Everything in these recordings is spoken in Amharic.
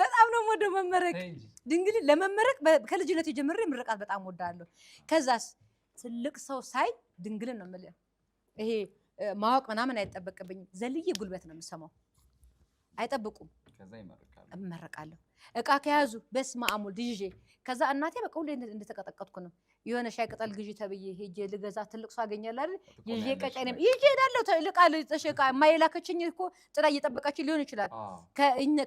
በጣም ነው ወደ መመረቅ ድንግል ለመመረቅ ከልጅነት ጀምሮ ምርቃት በጣም ወዳለሁ። ከዛስ ትልቅ ሰው ሳይ ድንግልን ነው የምልህ። ይሄ ማወቅ ምናምን አይጠበቅብኝም። ዘልዬ ጉልበት ነው የምሰማው። አይጠብቁም እመረቃለሁ። እቃ ከያዙ በስመ አብ ወልድ ይዤ ከዛ እናቴ በቃ ሁሌ እንደተቀጠቀጥኩ ነው የሆነ ሻይ ቅጠል ግዢ ተብዬ ሄጄ ልገዛ ትልቅ ሰው አገኛለሁ አይደል? ይዤ ቀጫኔም ይዤ እሄዳለሁ። ልቃ ተሸቃ ማይላከችኝ እኮ ጥላ እየጠበቀች ሊሆን ይችላል።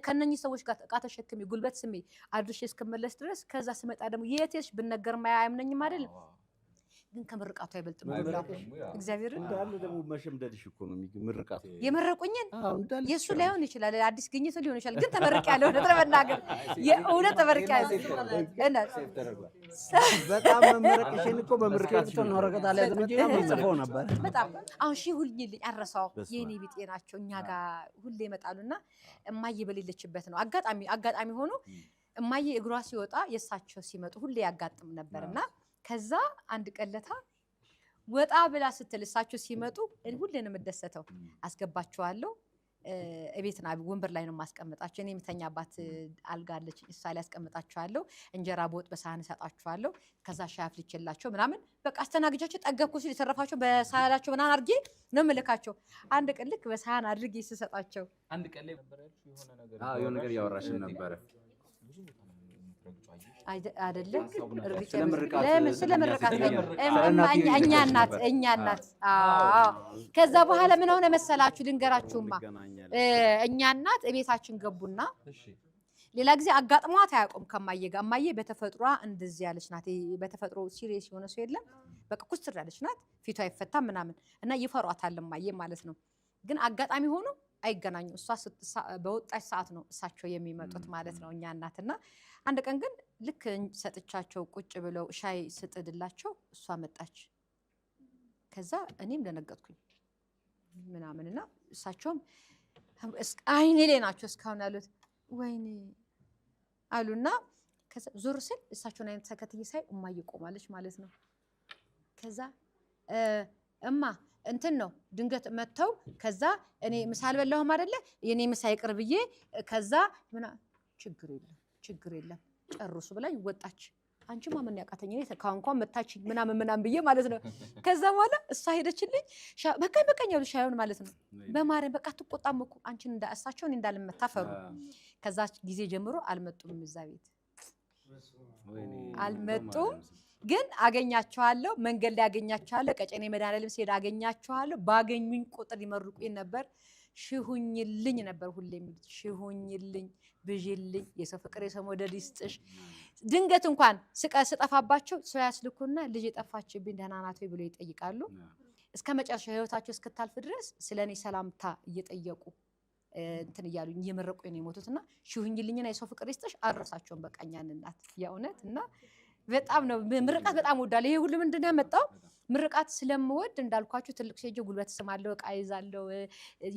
ከእነኚህ ሰዎች ጋር እቃ ተሸክሜ ጉልበት ስሜ አድርሼ እስክመለስ ድረስ ከዛ ስመጣ ደግሞ የት ሄድሽ ብነገር ማያምነኝም አይደለም ግን ከምርቃቱ አይበልጥም። እግዚአብሔር እንዳለ ደግሞ መሸምደድሽ እኮ ነው ምርቃቱ። የመረቁኝን የእሱ ላይሆን ይችላል፣ አዲስ ግኝት ሊሆን ይችላል። ግን ተመርቅ ያለ እውነት ለመናገር የእውነት ተመርቅ ያለ በጣም መመረቅሽን እኮ ወረቀት ላይ ነበር። በጣም አሁን ሁልኝልኝ አረሳው የኔ ቢጤ ናቸው እኛ ጋር ሁሌ ይመጣሉና እማዬ በሌለችበት ነው አጋጣሚ አጋጣሚ ሆኖ እማዬ እግሯ ሲወጣ የእሳቸው ሲመጡ ሁሌ ያጋጥም ነበርና ከዛ አንድ ቀለታ ወጣ ብላ ስትል እሳቸው ሲመጡ ሁሌንም የምደሰተው አስገባቸዋለሁ። እቤትና ወንበር ላይ ነው የማስቀምጣቸው። እኔ የምተኛባት አልጋ አለች፣ እሷ ላይ አስቀምጣቸዋለሁ። እንጀራ በወጥ በሳህን እሰጣቸዋለሁ። ከዛ ሻይ አፍልቼላቸው ምናምን በቃ አስተናግጃቸው። ጠገብኩ ሲል የተረፋቸው በሳህናቸው ምናምን አድርጌ ነው የምልካቸው። አንድ ቀን ልክ በሳህን አድርጌ ስሰጣቸው አንድ ቀን ላይ የሆነ ነገር እያወራሽን ነበረ አይደለም ስለምርቃት እኛ እናት እኛ እናት። ከዛ በኋላ ምን ሆነ መሰላችሁ? ልንገራችሁማ እኛ እናት እቤታችን ገቡና ሌላ ጊዜ አጋጥሟት አያውቁም ከማየ ጋር። እማዬ በተፈጥሯ እንደዚህ ያለች ናት። በተፈጥሮ ሲሪየስ የሆነ ሰው የለም። በቃ ኩስትር ያለች ናት። ፊቷ አይፈታም ምናምን እና ይፈሯታል እማዬ ማለት ነው። ግን አጋጣሚ ሆኖ አይገናኙ። እሷ በወጣች ሰዓት ነው እሳቸው የሚመጡት ማለት ነው እኛ እናትና አንድ ቀን ግን ልክ ሰጥቻቸው ቁጭ ብለው ሻይ ስጥድላቸው እሷ መጣች። ከዛ እኔም ደነገጥኩኝ ምናምንና እሳቸውም አይኔ ላይ ናቸው እስካሁን ያሉት ወይኔ አሉና ዙር ስል እሳቸውን አይነት ተከትዬ ሳይ እማዬ ቆማለች ማለት ነው። ከዛ እማ እንትን ነው ድንገት መጥተው ከዛ እኔ ምሳ አልበላሁም አይደለ የእኔ ምሳ ይቅር ብዬ ከዛ ምና ችግር የለም ችግር የለም ጨርሱ ብላኝ ወጣች። አንቺ ማመን ምን ያቃተኝ እኔ ከአንኳ መታች ምናምን ምናምን ብዬ ማለት ነው። ከዛ በኋላ እሷ ሄደችልኝ። በቃ በቃኝ ያሉ ሻዩን ማለት ነው። በማርያም በቃ ትቆጣም እኮ አንቺን እንዳእሳቸው እኔ እንዳልመታ ፈሩ። ከዛ ጊዜ ጀምሮ አልመጡም፣ እዛ ቤት አልመጡም። ግን አገኛቸዋለሁ፣ መንገድ ላይ አገኛቸዋለሁ። ቀጨኔ መድኃኒዓለም ሲሄድ አገኛችኋለሁ። ባገኙኝ ቁጥር ይመርቁኝ ነበር። ሽሁኝልኝ ነበር ሁሌ የሚሉት ሽሁኝልኝ፣ ብዥልኝ፣ የሰው ፍቅር የሰው መውደድ ይስጥሽ። ድንገት እንኳን ስጠፋባቸው ሰው ያስልኩና ልጅ የጠፋችብኝ ደህና ናት ብሎ ይጠይቃሉ። እስከ መጨረሻ ህይወታቸው እስክታልፍ ድረስ ስለ እኔ ሰላምታ እየጠየቁ እንትን እያሉ እየመረቁ ነው የሞቱት። እና ሽሁኝልኝና የሰው ፍቅር ይስጥሽ አድረሳቸውን በቃ እናት የእውነት እና በጣም ነው ምርቃት በጣም ወዳለ ይሄ ሁሉ ምንድን ነው ያመጣው ምርቃት ስለምወድ እንዳልኳችሁ ትልቅ ሴጆ ጉልበት ስማለው እቃ ይዛለሁ፣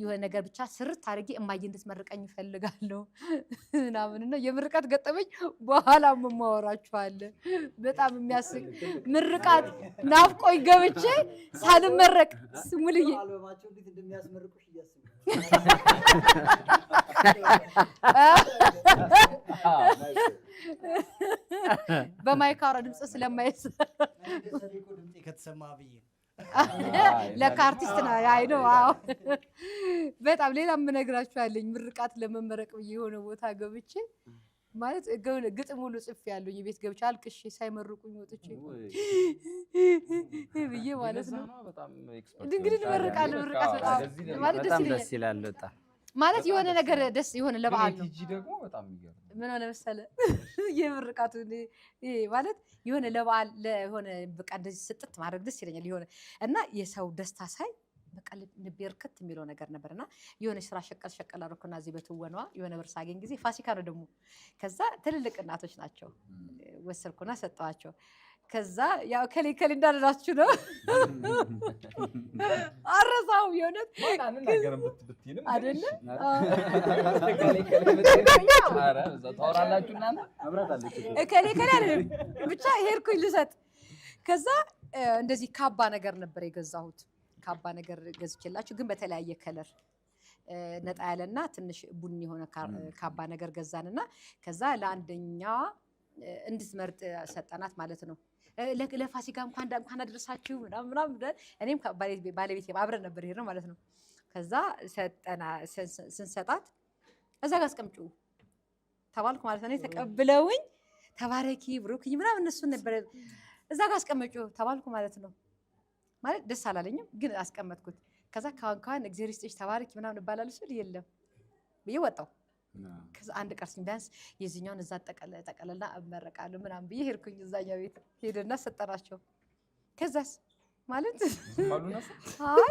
የሆነ ነገር ብቻ ስር አድርጌ እማዬ እንድትመርቀኝ ይፈልጋለሁ ምናምን ነው። የምርቃት ገጠመኝ በኋላ የማወራችኋለ። በጣም የሚያስቅ ምርቃት ናፍቆኝ ገብቼ ሳልመረቅ ስሙልዬ በማይካራ ድምፅ ስለማይስ ከተሰማ ብዬ ለካ አርቲስት ነው። አይ ነው። አዎ በጣም ሌላ የምነግራችሁ አለኝ። ምርቃት ለመመረቅ ብዬ የሆነ ቦታ ገብቼ ማለት ግጥም ሁሉ ጽፍ ያለኝ ቤት ገብቼ አልቅሼ ሳይመርቁኝ ወጥቼ ብዬ ማለት ነው። እንግዲህ እንመርቃለን። ምርቃት በጣም ማለት ደስ ይላል። በጣም ማለት የሆነ ነገር ደስ የሆነ ለበዓል ነው። ምን ሆነ መሰለ የምርቃቱ ማለት የሆነ ለበዓል ለሆነ በቃ እንደዚህ ስጥት ማድረግ ደስ ይለኛል። የሆነ እና የሰው ደስታ ሳይ በቃ ልቤ እርክት የሚለው ነገር ነበር እና የሆነ ስራ ሸቀል ሸቀል አድርኩና እዚህ በትወኗ የሆነ ብር ሳገኝ ጊዜ ፋሲካ ነው ደግሞ ከዛ ትልልቅ እናቶች ናቸው ወሰድኩና ሰጠዋቸው። ከዛ ያው ከሌ ከሌ እንዳልላችሁ ነው አረሳው የሆነት ከሌ ከሌ አይደለም ብቻ ሄድኩኝ ልሰጥ። ከዛ እንደዚህ ካባ ነገር ነበር የገዛሁት። ካባ ነገር ገዝቼላችሁ ግን በተለያየ ከለር ነጣ ያለና ትንሽ ቡኒ የሆነ ካባ ነገር ገዛንና ከዛ ለአንደኛዋ እንድትመርጥ ሰጠናት ማለት ነው። ለፋሲካ እንኳን እንኳን አደረሳችሁ ምናምን ምናምን እኔም ባለቤት አብረን ነበር የሄድነው ማለት ነው። ከዛ ሰጠና ስንሰጣት እዛ ጋር አስቀምጩ ተባልኩ ማለት ነው። ተቀብለውኝ ተባረኪ ብሩክኝ ምናምን እነሱን ነበር እዛ ጋር አስቀመጩ ተባልኩ ማለት ነው። ማለት ደስ አላለኝም ግን አስቀመጥኩት። ከዛ ከዋን ከዋን እግዚአብሔር ይስጥሽ ተባረኪ ምናምን እባላለሁ ስል የለም ብዬ ወጣው። ከዛ አንድ ቀርስ ቢያንስ የዚህኛውን እዛ ጠቀለላ አመረቃለሁ ምናምን ብዬ ሄድኩኝ። እዛኛው ቤት ሄድና ሰጠናቸው። ከዛስ ማለት አይ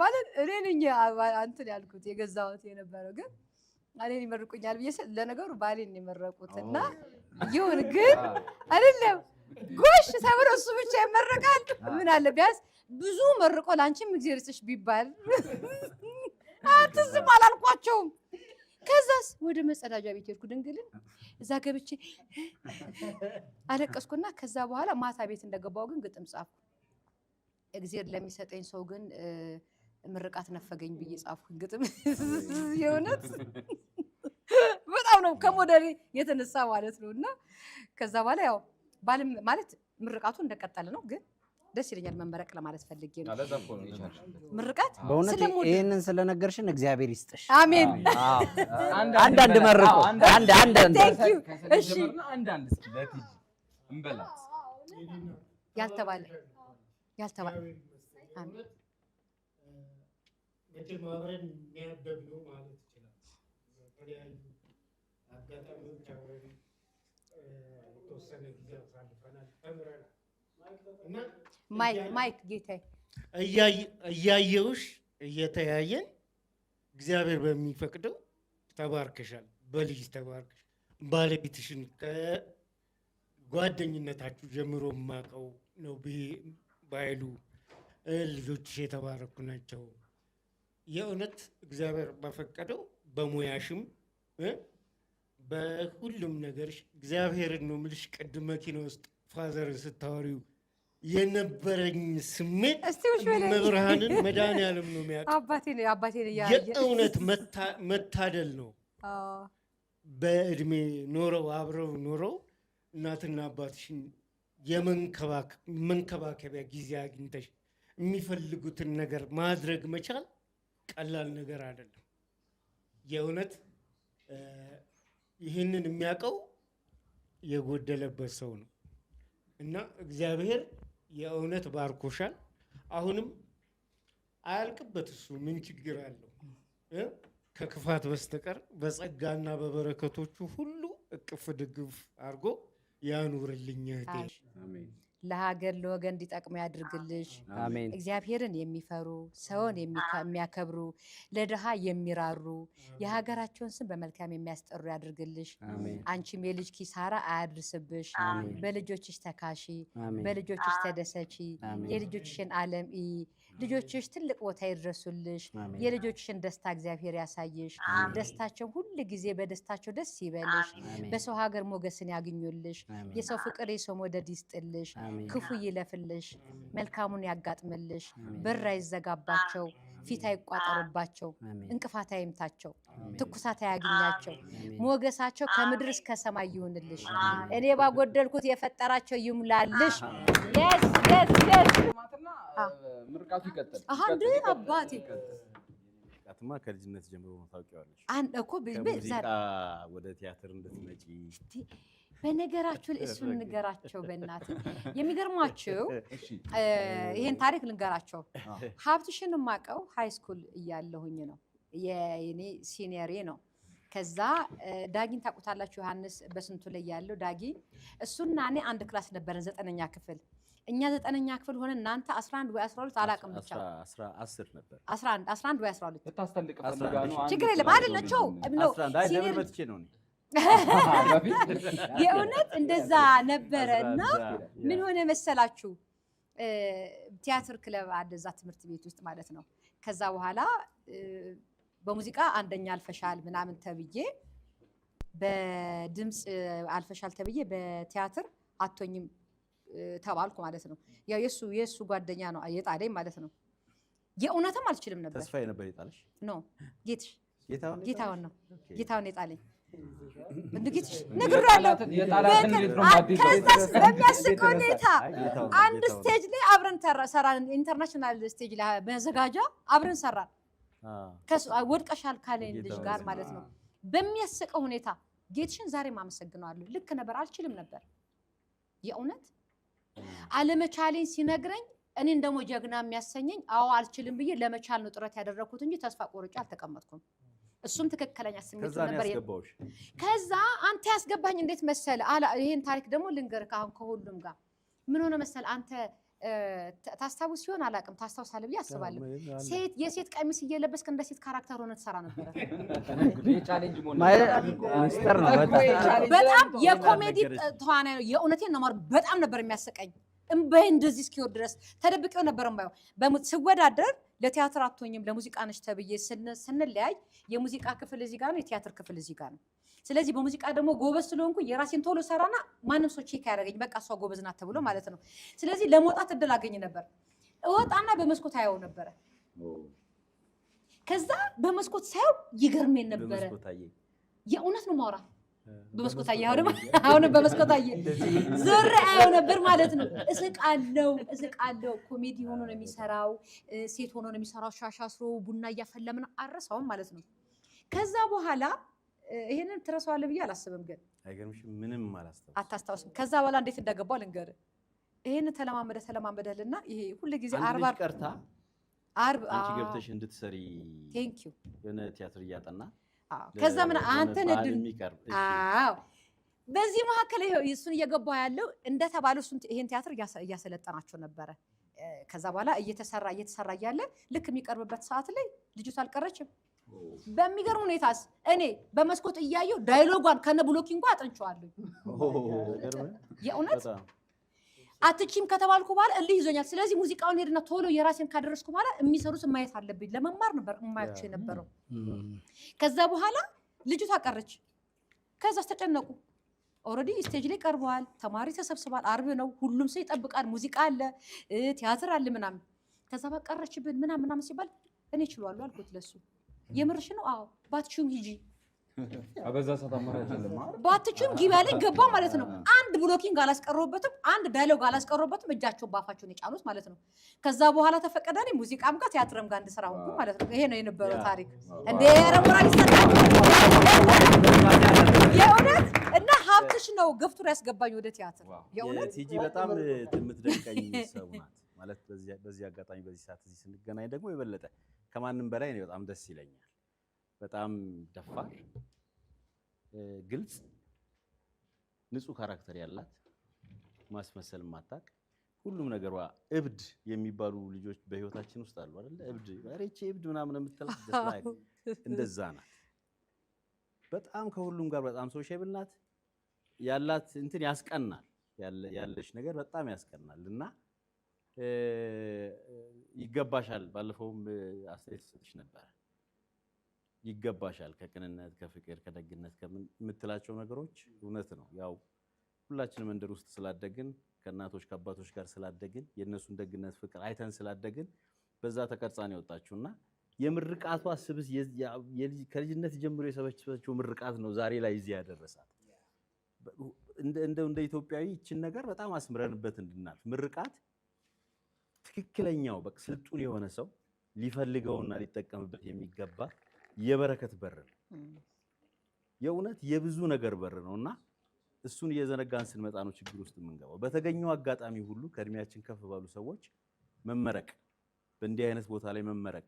ማለት እኔ ነኝ እንትን ያልኩት የገዛሁት የነበረው ግን እኔን ይመርቁኛል ብዬ ስል ለነገሩ ባሌን የመረቁት እና ይሁን ግን አይደለም ጎሽ ሰብር እሱ ብቻ ይመረቃል። ምን አለ ቢያንስ ብዙ መርቆ ለአንቺም እግዜር ይስጥሽ ቢባል አትዝም አላልኳቸውም። ከዛስ ወደ መጸዳጃ ቤት ሄድኩ። ድንግልን እዛ ገብቼ አለቀስኩና ከዛ በኋላ ማታ ቤት እንደገባው ግን ግጥም ጻፍኩ። እግዜር ለሚሰጠኝ ሰው ግን ምርቃት ነፈገኝ ብዬ ጻፍኩኝ ግጥም የእውነት ነው ከሞዴል የተነሳ ማለት ነው። እና ከዛ በኋላ ያው ባልም ማለት ምርቃቱ እንደቀጠለ ነው ግን ደስ ይለኛል መመረቅ ለማለት ፈልጌ ነው። ምርቃት በእውነት ይህንን ስለነገርሽን እግዚአብሔር ይስጥሽ። አሜን። አንዳንድ መርቁ ያልተባለ ያልተባለ አሜን አጋጣሚውን የተወሰነ ጊዜ አሳልፈናል፣ ተምረናል ማይክ ጌታዬ እያየሁሽ እየተያየን እግዚአብሔር በሚፈቅደው ተባርከሻል። በልጅ ተባርከሽ ባለቤትሽን ከጓደኝነታችሁ ጀምሮ የማውቀው ነው ባይሉ ልጆችሽ የተባረኩ ናቸው። የእውነት እግዚአብሔር በፈቀደው በሙያሽም በሁሉም ነገር እግዚአብሔር ነው ምልሽ። ቅድም መኪና ውስጥ ፋዘርን ስታወሪው የነበረኝ ስሜት መብርሃንን መድኃኒዓለም ነው የሚያውቅ። የእውነት መታደል ነው። በእድሜ ኖረው አብረው ኖረው እናትና አባትሽን የመንከባከቢያ ጊዜ አግኝተሽ የሚፈልጉትን ነገር ማድረግ መቻል ቀላል ነገር አይደለም። የእውነት ይህንን የሚያውቀው የጎደለበት ሰው ነው እና እግዚአብሔር የእውነት ባርኮሻል። አሁንም አያልቅበት እሱ ምን ችግር አለው ከክፋት በስተቀር በጸጋና በበረከቶቹ ሁሉ እቅፍ ድግፍ አድርጎ ያኑርልኝ እህቴ። ለሀገር ለወገን እንዲጠቅሙ ያድርግልሽ። እግዚአብሔርን የሚፈሩ ሰውን የሚያከብሩ ለድሃ የሚራሩ የሀገራቸውን ስም በመልካም የሚያስጠሩ ያድርግልሽ። አንቺም የልጅ ኪሳራ አያድርስብሽ። በልጆችሽ ተካሺ፣ በልጆችሽ ተደሰቺ። የልጆችሽን ዓለም ልጆችሽ ትልቅ ቦታ ይድረሱልሽ። የልጆችሽን ደስታ እግዚአብሔር ያሳይሽ። ደስታቸው ሁል ጊዜ በደስታቸው ደስ ይበልሽ። በሰው ሀገር ሞገስን ያግኙልሽ። የሰው ፍቅር፣ የሰው መውደድ ይስጥልሽ። ክፉ ይለፍልሽ፣ መልካሙን ያጋጥምልሽ። በር አይዘጋባቸው፣ ፊት አይቋጠርባቸው፣ እንቅፋት አይምታቸው፣ ትኩሳት አያግኛቸው። ሞገሳቸው ከምድር እስከ ሰማይ ይሁንልሽ። እኔ ባጎደልኩት የፈጠራቸው ይሙላልሽ። ምርቃቱ ይቀጥል። አባቴ ቃትማ ከልጅነት ጀምሮ ታውቂዋለሽ። አንድ እኮ ወደ ቲያትር እንድትመጪ በነገራችሁ ላይ እሱን ንገራቸው። በእናት የሚገርማችሁ ይሄን ታሪክ ልንገራቸው። ሀብትሽን የማውቀው ሃይስኩል እያለሁኝ ነው። የኔ ሲኒየሬ ነው። ከዛ ዳጊን ታውቁታላችሁ፣ ዮሐንስ በስንቱ ላይ ያለው ዳጊ። እሱና እኔ አንድ ክላስ ነበረን፣ ዘጠነኛ ክፍል እኛ ዘጠነኛ ክፍል ሆነ እናንተ 11 ወይ 12 አላቅም ብቻ 10 ነበር 11 11 ወይ 12 ልታስተልቅ ፈልጋ ነው። ችግር የለም አይደል ነው ነው የእውነት እንደዛ ነበረ። እና ምን ሆነ መሰላችሁ ቲያትር ክለብ አደዛ ትምህርት ቤት ውስጥ ማለት ነው። ከዛ በኋላ በሙዚቃ አንደኛ አልፈሻል ምናምን ተብዬ በድምፅ አልፈሻል ተብዬ በቲያትር አቶኝም ተባልኩ ማለት ነው። ያው የሱ የሱ ጓደኛ ነው የጣለኝ ማለት ነው። የእውነትም አልችልም ነበር። ተስፋ የነበር የጣለሽ ኖ ጌትሽ ጌታውን ነው ጌታውን የጣለኝ እንድጌትሽ ነግሬዋለሁ። ከዛስ በሚያስቅ ሁኔታ አንድ ስቴጅ ላይ አብረን ሰራን። ኢንተርናሽናል ስቴጅ ላይ መዘጋጃ አብረን ሰራን። ወድቀሻል ካለ ልጅ ጋር ማለት ነው። በሚያስቀው ሁኔታ ጌትሽን ዛሬም አመሰግነዋለሁ። ልክ ነበር፣ አልችልም ነበር የእውነት አለመቻሌን ሲነግረኝ እኔን ደግሞ ጀግና የሚያሰኘኝ አዎ አልችልም ብዬ ለመቻል ነው ጥረት ያደረግኩት እንጂ ተስፋ ቆርጬ አልተቀመጥኩም። እሱም ትክክለኛ ስሜት ነበር። ከዛ አንተ ያስገባኝ እንዴት መሰለ፣ ይሄን ታሪክ ደግሞ ልንገርህ አሁን ከሁሉም ጋር ምን ሆነ መሰለ አንተ ታስታውስ ሲሆን አላውቅም፣ ታስታውሳለህ ብዬ አስባለሁ። ሴት የሴት ቀሚስ እየለበስክ እንደ ሴት ካራክተር ሆነ ትሰራ ነበረ። በጣም የኮሜዲ ተዋናይ ነው። የእውነቴን ነው። በጣም ነበር የሚያሰቀኝ እምባዬ እንደዚህ እስኪወር ድረስ ተደብቄው ነበር እምባዬ። ስወዳደር ለቲያትር አትሆኝም ለሙዚቃ ነች ተብዬ ስንለያይ የሙዚቃ ክፍል እዚህ ጋር ነው፣ የቲያትር ክፍል እዚህ ጋር ነው። ስለዚህ በሙዚቃ ደግሞ ጎበዝ ስለሆንኩ የራሴን ቶሎ ሰራና ማንም ሰው ቼክ ያደረገኝ በቃ እሷ ጎበዝ ናት ተብሎ ማለት ነው። ስለዚህ ለመውጣት እድል አገኝ ነበር። እወጣና በመስኮት አየው ነበረ። ከዛ በመስኮት ሳየው ይገርመኝ ነበረ። የእውነት ነው ማውራት በመስኮት አየኸው ደግሞ አሁንም በመስኮት አየህ ዞር አየው ነበር ማለት ነው። እስቃለው እስቃለው። ኮሜዲ ሆኖ ነው የሚሰራው፣ ሴት ሆኖ ነው የሚሰራው። ሻሻ አስሮ ቡና እያፈላ ምን አረሳውም ማለት ነው። ከዛ በኋላ ይሄንን ትረሳዋለህ ብዬ አላስብም፣ ግን አይገርምሽም? ምንም አላስታውስም፣ አታስታውስም። ከዛ በኋላ እንዴት እንዳገባው ልንገርህ። ይሄንን ተለማመደ ተለማመደልና ይሄ ሁሉ ሁልጊዜ አርባ ቀርታ አርብ አንቺ ገብተሽ እንድትሰሪ ቴንኪው የሆነ ቲያትር እያጠና ከዛ ምን አንተን አዎ በዚህ መካከል እሱን እየገባ ያለው እንደተባለ እሱን ይሄን ቲያትር እያሰለጠናቸው ነበረ። ከዛ በኋላ እየተሰራ እየተሰራ እያለ ልክ የሚቀርብበት ሰዓት ላይ ልጅቱ አልቀረችም። በሚገርም ሁኔታስ እኔ በመስኮት እያየው ዳይሎጓን ከነ ብሎኪንጓ አጥንቸዋለሁ የእውነት አትችም ከተባልኩ በኋላ እልህ ይዞኛል። ስለዚህ ሙዚቃውን ሄድና ቶሎ የራሴን ካደረስኩ በኋላ የሚሰሩት ማየት አለብኝ። ለመማር ነበር የማያቸው የነበረው። ከዛ በኋላ ልጅቷ ቀረች። ከዛ ተጨነቁ። ኦልሬዲ ስቴጅ ላይ ቀርበዋል። ተማሪ ተሰብስቧል። አርብ ነው። ሁሉም ሰው ይጠብቃል። ሙዚቃ አለ፣ ቲያትር አለ ምናምን። ከዛ ባቀረችብን ምናምን ምናምን ሲባል እኔ ችሏሉ አልኩት ለሱ። የምርሽ ነው? አዎ። ባትችም ሂጂ፣ ባትችም ግቢ አለኝ። ገባ ማለት ነው አንድ ብሎኪንግ አላስቀረበትም፣ አንድ ዳይሎግ አላስቀረበትም። እጃቸው ባፋቸውን የጫኑት ማለት ነው። ከዛ በኋላ ተፈቀደ እኔ ሙዚቃም ጋር ቲያትርም ጋር እንድሰራ ሆንኩ ማለት ነው። ይሄ ነው የነበረው ታሪክ። እንደ ረሞራል ይሰጣል የእውነት እና ሀብትሽ ነው ገፍቱ ያስገባኝ ወደ ቲያትር። የእውነት ቲጂ በጣም የምትደንቀኝ ሰው ናት ማለት በዚህ አጋጣሚ በዚህ ሰዓት እዚህ ስንገናኝ ደግሞ የበለጠ ከማንም በላይ እኔ በጣም ደስ ይለኛል። በጣም ደፋር፣ ግልጽ ንጹህ ካራክተር ያላት ማስመሰል ማታቅ ሁሉም ነገሯ እብድ የሚባሉ ልጆች በህይወታችን ውስጥ አሉ አይደለ? እብድ ሬቼ እብድ ምናምን የምትላት እንደዛ ናት። በጣም ከሁሉም ጋር በጣም ሶሻብል ናት። ያላት እንትን ያስቀናል፣ ያለች ነገር በጣም ያስቀናል። እና ይገባሻል። ባለፈውም አስተያየት ሰጥሽ ነበረ ይገባሻል ከቅንነት ከፍቅር ከደግነት ከምትላቸው ነገሮች እውነት ነው። ያው ሁላችንም መንደር ውስጥ ስላደግን ከእናቶች ከአባቶች ጋር ስላደግን የእነሱን ደግነት ፍቅር አይተን ስላደግን በዛ ተቀርጻን የወጣችሁ እና የምርቃቷ ስብስ ከልጅነት ጀምሮ የሰበሰበችው ምርቃት ነው ዛሬ ላይ እዚህ ያደረሳት። እንደ ኢትዮጵያዊ ይችን ነገር በጣም አስምረንበት እንድናልፍ ምርቃት ትክክለኛው በቃ ስልጡን የሆነ ሰው ሊፈልገውና ሊጠቀምበት የሚገባ የበረከት በር ነው። የእውነት የብዙ ነገር በር ነው እና እሱን እየዘነጋን ስንመጣ ነው ችግር ውስጥ የምንገባው። በተገኘው አጋጣሚ ሁሉ ከእድሜያችን ከፍ ባሉ ሰዎች መመረቅ፣ በእንዲህ አይነት ቦታ ላይ መመረቅ፣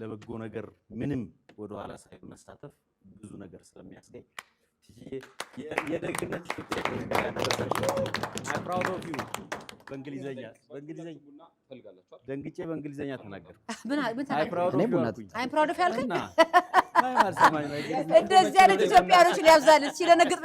ለበጎ ነገር ምንም ወደኋላ ሳይሆን መሳተፍ ብዙ ነገር ስለሚያስገኝ የደግነት በእንግሊዝኛ ትፈልጋላችኋል። ደንግጬ በእንግሊዘኛ ተናገርኩ። እንደዚህ አይነት ኢትዮጵያኖች ሊያብዛልን ሲለነግጥ